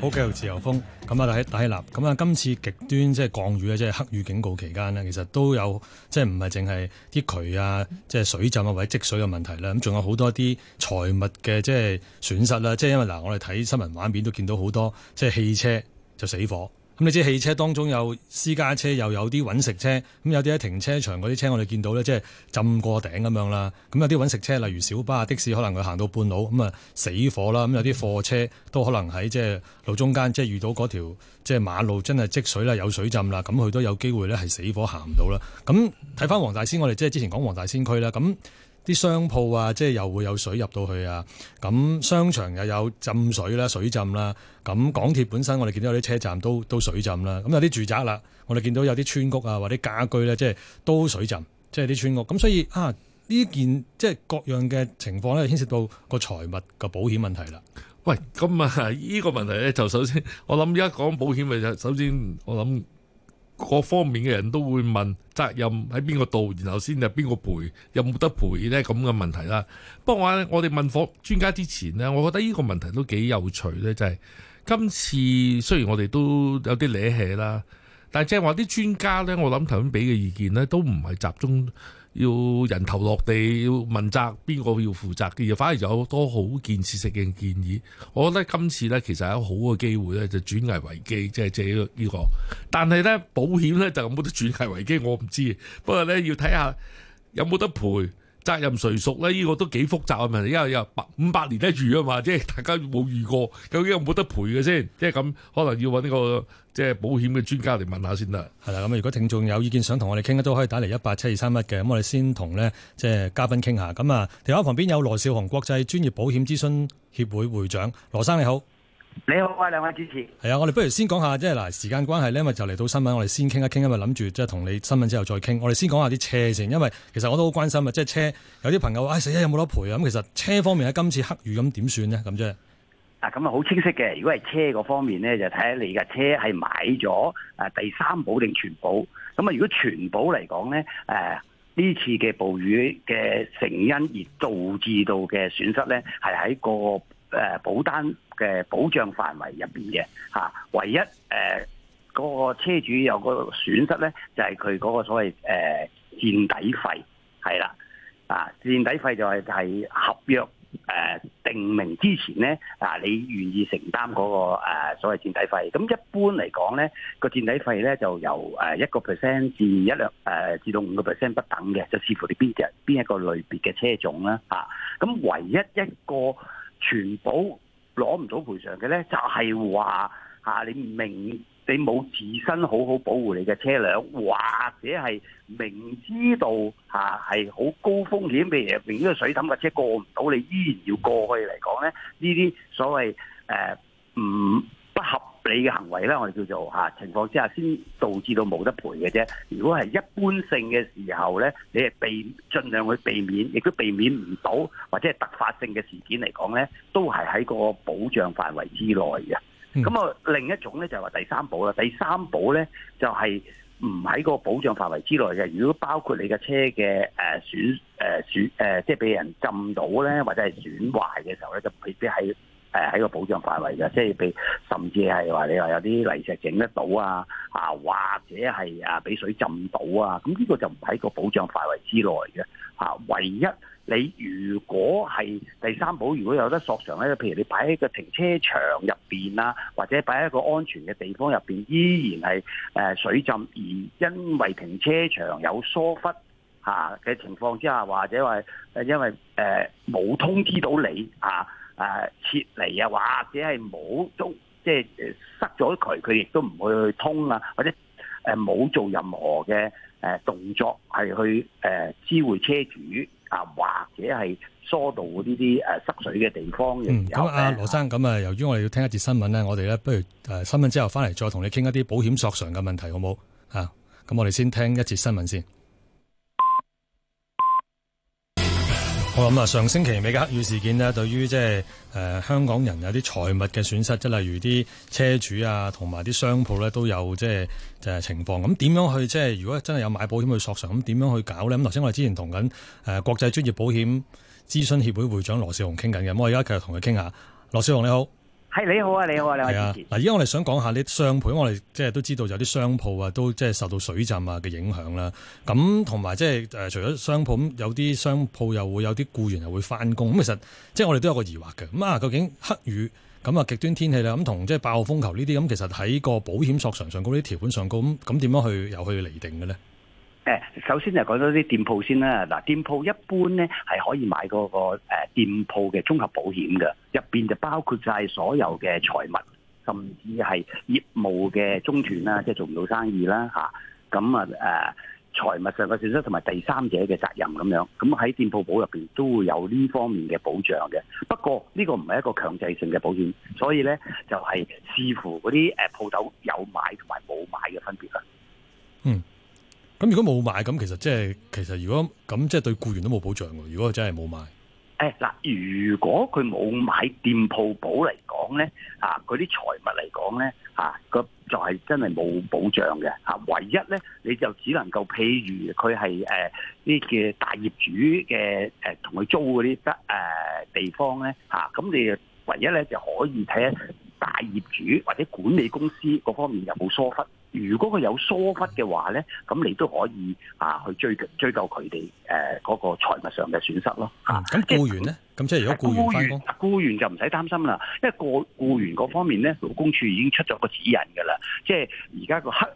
好繼續自由風咁啊！打起打起立咁啊！今次極端即係、就是、降雨咧，即、就、係、是、黑雨警告期間咧，其實都有即係唔係淨係啲渠啊，即、就、係、是、水浸啊或者積水嘅問題咧，咁仲有好多啲財物嘅即係損失啦。即、就、係、是、因為嗱、呃，我哋睇新聞畫面都見到好多即係、就是、汽車就死火。咁你知汽車當中有私家車，又有啲揾食車，咁有啲喺停車場嗰啲車我哋見到咧，即係浸過頂咁樣啦。咁有啲揾食車，例如小巴、的士，可能佢行到半路咁啊，死火啦。咁有啲貨車都可能喺即係路中間，即係遇到嗰條即係馬路真係積水啦，有水浸啦，咁佢都有機會咧係死火行唔到啦。咁睇翻黃大仙，我哋即係之前講黃大仙區啦。咁啲商鋪啊，即係又會有水入到去啊，咁商場又有浸水啦、水浸啦，咁港鐵本身我哋見到有啲車站都都水浸啦，咁有啲住宅啦，我哋見到有啲村屋啊或者家居咧，即係都水浸，即係啲村屋。咁所以啊，呢件即係各樣嘅情況咧，牽涉到個財物個保險問題啦。喂，咁啊，呢個問題咧，就首先我諗而家講保險咪就首先我諗。各方面嘅人都會問責任喺邊個度，然後先至邊個賠，有冇得賠呢？咁嘅問題啦。不過我哋問訪專家之前呢，我覺得呢個問題都幾有趣呢。就係、是、今次雖然我哋都有啲咧氣啦，但係即係話啲專家呢，我諗頭先俾嘅意見呢都唔係集中。要人頭落地，要問責邊個要負責嘅，而反而有好多好建設性嘅建議。我覺得今次呢，其實有好嘅機會呢，就轉危為機，即係借呢個。但係呢保險呢，就冇得轉危為機，我唔知。不過呢要睇下有冇得賠。責任誰屬咧？呢、這個都幾複雜嘅問題，因為有百五百年一遇啊嘛，即係大家冇遇過，究竟有冇得賠嘅先？即係咁，可能要揾個即係保險嘅專家嚟問下先得。係啦，咁如果聽眾有意見想同我哋傾咧，都可以打嚟一八七二三一嘅。咁我哋先同咧即係嘉賓傾下。咁啊，電話旁邊有羅少雄國際專業保險諮詢協會會長，羅生你好。你好，我係，兩位主持。係啊，我哋不如先講下，即係嗱，時間關係咧，因為就嚟到新聞，我哋先傾一傾，因為諗住即係同你新聞之後再傾。我哋先講下啲車先，因為其實我都好關心啊，即係車有啲朋友唉、哎，死咗有冇得賠啊？咁其實車方面喺今次黑雨咁點算呢？咁啫。啊，咁啊好清晰嘅。如果係車個方面咧，就睇下你架車係買咗啊第三保定全保。咁啊，如果全保嚟講咧，誒、呃、呢次嘅暴雨嘅成因而導致到嘅損失咧，係喺個。誒，保單嘅保障範圍入邊嘅吓，唯一誒嗰、呃那個車主有嗰個損失咧，就係佢嗰個所謂誒墊底費係啦，啊墊底費就係、是、係、就是、合約誒、呃、定明之前咧，啊你願意承擔嗰、那個誒、啊、所謂墊底費，咁一般嚟講咧個墊底費咧就由誒一個 percent 至一兩誒至到五個 percent 不等嘅，就視乎你邊隻邊一個類別嘅車種啦，吓、啊，咁唯一一個。全部攞唔到賠償嘅呢，就係話啊你明你冇自身好好保護你嘅車輛，或者係明知道啊係好高風險嘅嘢，明呢個水氹嘅車過唔到，你依然要過去嚟講呢，呢啲所謂誒唔不合。你嘅行為咧，我哋叫做嚇、啊、情況之下先導致到冇得賠嘅啫。如果係一般性嘅時候咧，你係避盡量去避免，亦都避免唔到，或者係突發性嘅事件嚟講咧，都係喺個保障範圍之內嘅。咁啊，另一種咧就係、是、話第三保啦。第三保咧就係唔喺個保障範圍之內嘅。如果包括你嘅車嘅誒損誒、呃、損誒、呃，即係俾人浸到咧，或者係損壞嘅時候咧，就未必喺。誒喺個保障範圍嘅，即係俾甚至係話你話有啲泥石整得到啊，啊或者係啊俾水浸到啊，咁呢個就唔喺個保障範圍之內嘅。嚇、啊，唯一你如果係第三保如果有得索償咧，譬如你擺喺個停車場入邊啊，或者擺喺個安全嘅地方入邊，依然係誒、啊、水浸而因為停車場有疏忽嚇嘅情況之下，或者話誒因為誒冇、啊、通知到你啊。誒、啊，撤離啊,啊,啊，或者係冇都即係塞咗佢，佢亦都唔會去通啊，或者誒冇做任何嘅誒動作係去誒知會車主啊，或者係疏導呢啲誒滲水嘅地方嘅。嗯，好啊，羅生咁啊，由於我哋要聽一節新聞咧，我哋咧不如誒新聞之後翻嚟再同你傾一啲保險索償嘅問題，好冇嚇？咁、啊、我哋先聽一節新聞先。我諗啊，上星期尾嘅黑雨事件咧，對於即係誒香港人有啲財物嘅損失，即係例如啲車主啊，同埋啲商鋪咧都有即係誒情況。咁、嗯、點樣去即係如果真係有買保險去索償，咁、嗯、點樣去搞咧？咁頭先我哋之前同緊誒國際專業保險諮詢協會會長羅少雄傾緊嘅，我而家繼續同佢傾下。羅少雄你好。係你好啊，你好啊，你，偉杰。嗱，依家我哋想講下呢啲商鋪，我哋即係都知道有啲商鋪啊，都即係受到水浸啊嘅影響啦。咁同埋即係誒，除咗商鋪，有啲商鋪又會有啲僱員又會翻工。咁其實即係我哋都有個疑惑嘅。咁啊，究竟黑雨咁啊極端天氣咧，咁同即係爆風球呢啲咁，其實喺個保險索償上高啲條款上高咁，咁點樣去又去釐定嘅呢？誒，首先就講多啲店鋪先啦。嗱，店鋪一般咧係可以買嗰個店鋪嘅綜合保險嘅，入邊就包括晒所有嘅財物，甚至係業務嘅中斷啦，即係做唔到生意啦嚇。咁啊誒，財物上嘅損失同埋第三者嘅責任咁樣，咁喺店鋪保入邊都會有呢方面嘅保障嘅。不過呢個唔係一個強制性嘅保險，所以咧就係視乎嗰啲誒鋪頭有買同埋冇買嘅分別啦。嗯。咁如果冇買，咁其實即係，其實如果咁即係對僱員都冇保障嘅。如果真係冇買，誒嗱，如果佢冇買店鋪保嚟講咧，啊，嗰啲財物嚟講咧，啊，佢就係真係冇保障嘅。啊，唯一咧，你就只能夠譬如佢係誒呢嘅大業主嘅誒同佢租嗰啲得誒地方咧，吓，咁你唯一咧就可以睇下大業主或者管理公司嗰方面有冇疏忽。如果佢有疏忽嘅話咧，咁你都可以啊去追究追究佢哋誒嗰個財物上嘅損失咯吓。咁僱員咧？咁即係如果僱員，僱員就唔使擔心啦，因為個僱員嗰方面咧，勞工處已經出咗個指引噶啦，即係而家個黑。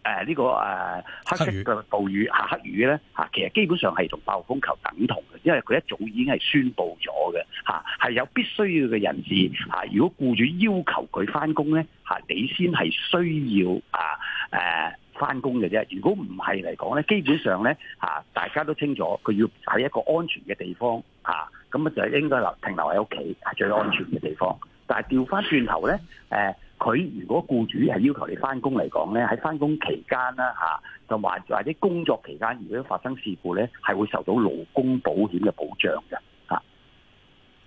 誒呢、呃這個誒、呃、黑色嘅暴雨下黑雨咧嚇，其實基本上係同暴風球等同嘅，因為佢一早已經係宣布咗嘅嚇，係、啊、有必須要嘅人士嚇、啊，如果僱主要求佢翻工咧嚇，你先係需要啊誒翻工嘅啫。如果唔係嚟講咧，基本上咧嚇、啊，大家都清楚佢要喺一個安全嘅地方嚇，咁啊就應該留停留喺屋企係最安全嘅地方。但係調翻轉頭咧誒。呃佢如果僱主係要求你翻工嚟講咧，喺翻工期間啦嚇，就或或者工作期間，如果發生事故咧，係會受到勞工保險嘅保障嘅嚇。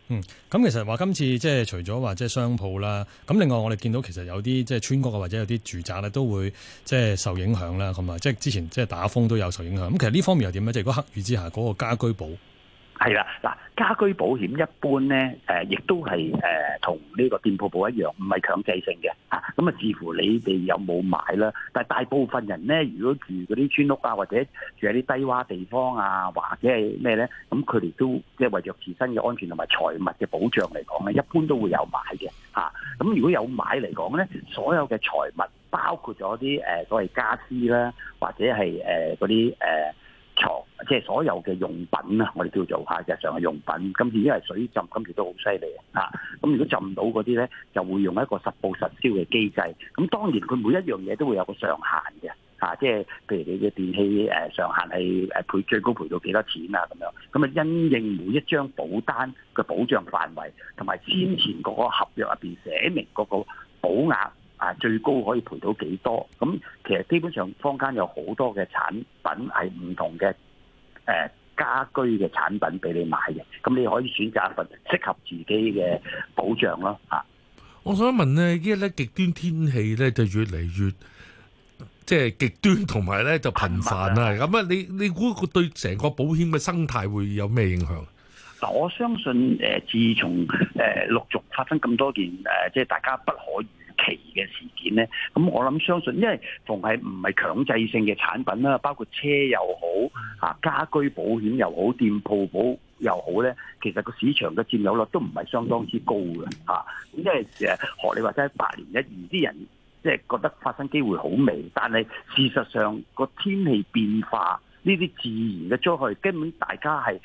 嗯，咁其實話今次即係除咗話即係商鋪啦，咁另外我哋見到其實有啲即係村屋啊，或者有啲住宅咧都會即係受影響啦。咁啊，即係之前即係打風都有受影響。咁其實呢方面又點咧？即係如果黑雨之下嗰個家居保？係啦，嗱，家居保險一般咧，誒、呃，亦都係誒同呢個店舖保一樣，唔係強制性嘅啊。咁啊，視乎你哋有冇買啦。但係大部分人咧，如果住嗰啲村屋啊，或者住喺啲低窪地方啊，或者係咩咧，咁佢哋都即係、就是、為咗自身嘅安全同埋財物嘅保障嚟講咧，一般都會有買嘅嚇。咁、啊、如果有買嚟講咧，所有嘅財物包括咗啲誒所謂家私啦，或者係誒嗰啲誒。呃即係所有嘅用品啊，我哋叫做嚇日常嘅用品。今次因為水浸，今次都好犀利啊！咁如果浸到嗰啲咧，就會用一個實報實銷嘅機制。咁、啊、當然佢每一樣嘢都會有個上限嘅嚇，即係譬如你嘅電器誒上限係誒賠最高賠到幾多錢啊咁樣。咁啊因應每一張保單嘅保障範圍同埋先前嗰個合約入邊寫明嗰個保額啊，最高可以賠到幾多，咁、啊、其實基本上坊間有好多嘅產品係唔同嘅。誒、呃，家居嘅產品俾你買嘅，咁你可以選擇一份適合自己嘅保障咯，吓。 我想問咧，依家咧極端天氣咧就越嚟越即係極端，同埋咧就頻繁啦。咁啊，你你估個對成個保險嘅生態會有咩影響？嗱，我相信誒、呃，自從誒、呃、陸續發生咁多件誒，即、呃、係大家不可預期嘅事件咧，咁、嗯、我諗相信，因為凡係唔係強制性嘅產品啦，包括車又好啊，家居保險又好，店鋪保又好咧，其實個市場嘅佔有率都唔係相當之高嘅嚇、啊。因為誒學、啊、你話齋百年一遇啲人，即係覺得發生機會好微，但係事實上個天氣變化呢啲自然嘅災害，根本大家係，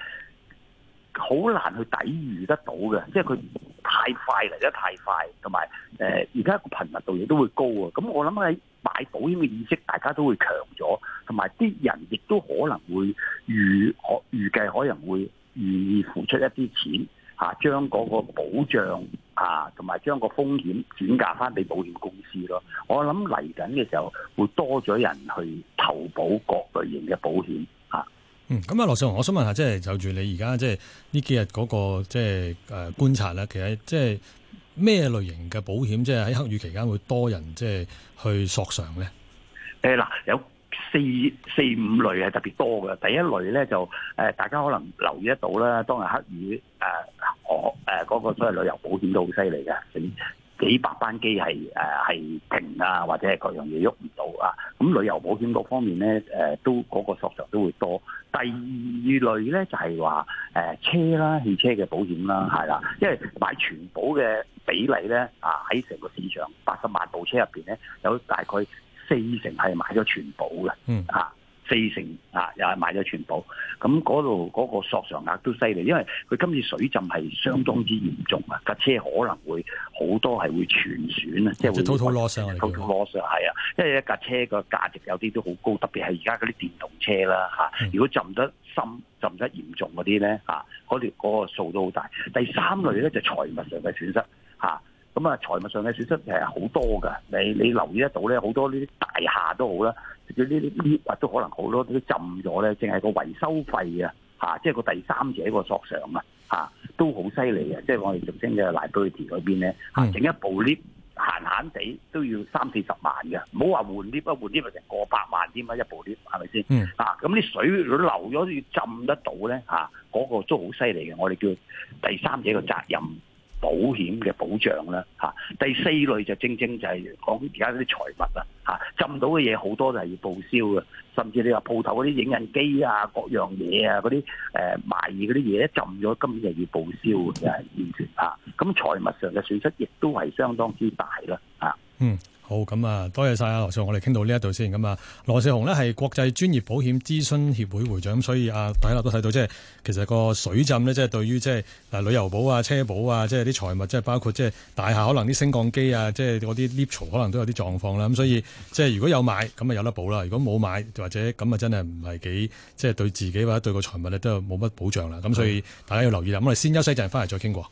好難去抵御得到嘅，即係佢太快嚟得太快，同埋誒而家個頻密度亦都會高啊！咁我諗喺買保險嘅意識，大家都會強咗，同埋啲人亦都可能會預可預計可能會願意付出一啲錢嚇、啊，將嗰個保障嚇同埋將個風險轉嫁翻俾保險公司咯。我諗嚟緊嘅時候會多咗人去投保各類型嘅保險。嗯，咁啊，羅少雄，我想問下，即係就住、是、你而家即係呢幾日嗰、那個即係誒觀察咧，其實即係咩類型嘅保險，即係喺黑雨期間會多人即係、就是、去索償咧？誒嗱、呃，有四四五類係特別多嘅，第一類咧就誒、呃，大家可能留意得到啦。當日黑雨誒，我誒嗰個所謂旅遊保險都好犀利嘅。幾百班機係誒係停啊，或者係各樣嘢喐唔到啊，咁旅遊保險各方面咧誒、呃、都嗰、嗰個索賠都會多。第二類咧就係話誒車啦，汽車嘅保險啦，係啦，因為買全保嘅比例咧啊喺成個市場八十萬部車入邊咧有大概四成係買咗全保嘅，嗯啊。嗯四成啊，又係買咗全部，咁嗰度嗰個索償額都犀利，因為佢今次水浸係相當之嚴重啊！架車可能會好多係會全損啊，即係會偷偷攞上嚟，偷偷攞上嚟啊，因為一架車個價值有啲都好高，特別係而家嗰啲電動車啦嚇。啊、 如果浸得深、浸得嚴重嗰啲咧嚇，嗰條嗰個數都好大。第三類咧就是、財務上財物上嘅損失嚇，咁啊財物上嘅損失係好多㗎，你你留意得到咧，好多呢啲大廈都好啦。About 呢啲 lift 都可能好多都浸咗咧，淨係個維修費啊，嚇，即係個第三者個索償啊，嚇都好犀利嘅，即係我哋俗稱嘅 nan b 嗰邊咧嚇，整一部 lift 閒閒地都要三四十萬嘅，唔好話換 lift 啊，換 lift 成過百萬添啊，一部 lift 係咪先？嚇，咁、啊、啲水如果流咗都要浸得到咧嚇，嗰、啊那個都好犀利嘅，我哋叫第三者個責任。保險嘅保障啦，嚇，第四類就正正就係講而家啲財物啦，嚇，浸到嘅嘢好多就係要報銷嘅，甚至你話鋪頭嗰啲影印機啊、各樣嘢啊、嗰啲誒賣嘢嗰啲嘢咧浸咗，今日就要報銷嘅，完全嚇。咁、啊、財物上嘅損失亦都係相當之大啦，嚇、啊。嗯好，咁、嗯、啊，多謝晒啊羅少，我哋傾到呢一度先。咁啊，羅少雄呢係國際專業保險諮詢協會會長，咁所以啊，大家都睇到，即係其實個水浸呢，即係對於即係嗱，旅遊保啊、車保啊，即係啲財物，即係包括即係大廈可能啲升降機啊，即係嗰啲 lift 可能都有啲狀況啦。咁所以，即係如果有買，咁啊有得保啦；如果冇買或者咁啊，真係唔係幾，即係對自己或者對個財物咧，都係冇乜保障啦。咁所以大家要留意啦。嗯、咁我哋先休息一陣，翻嚟再傾過。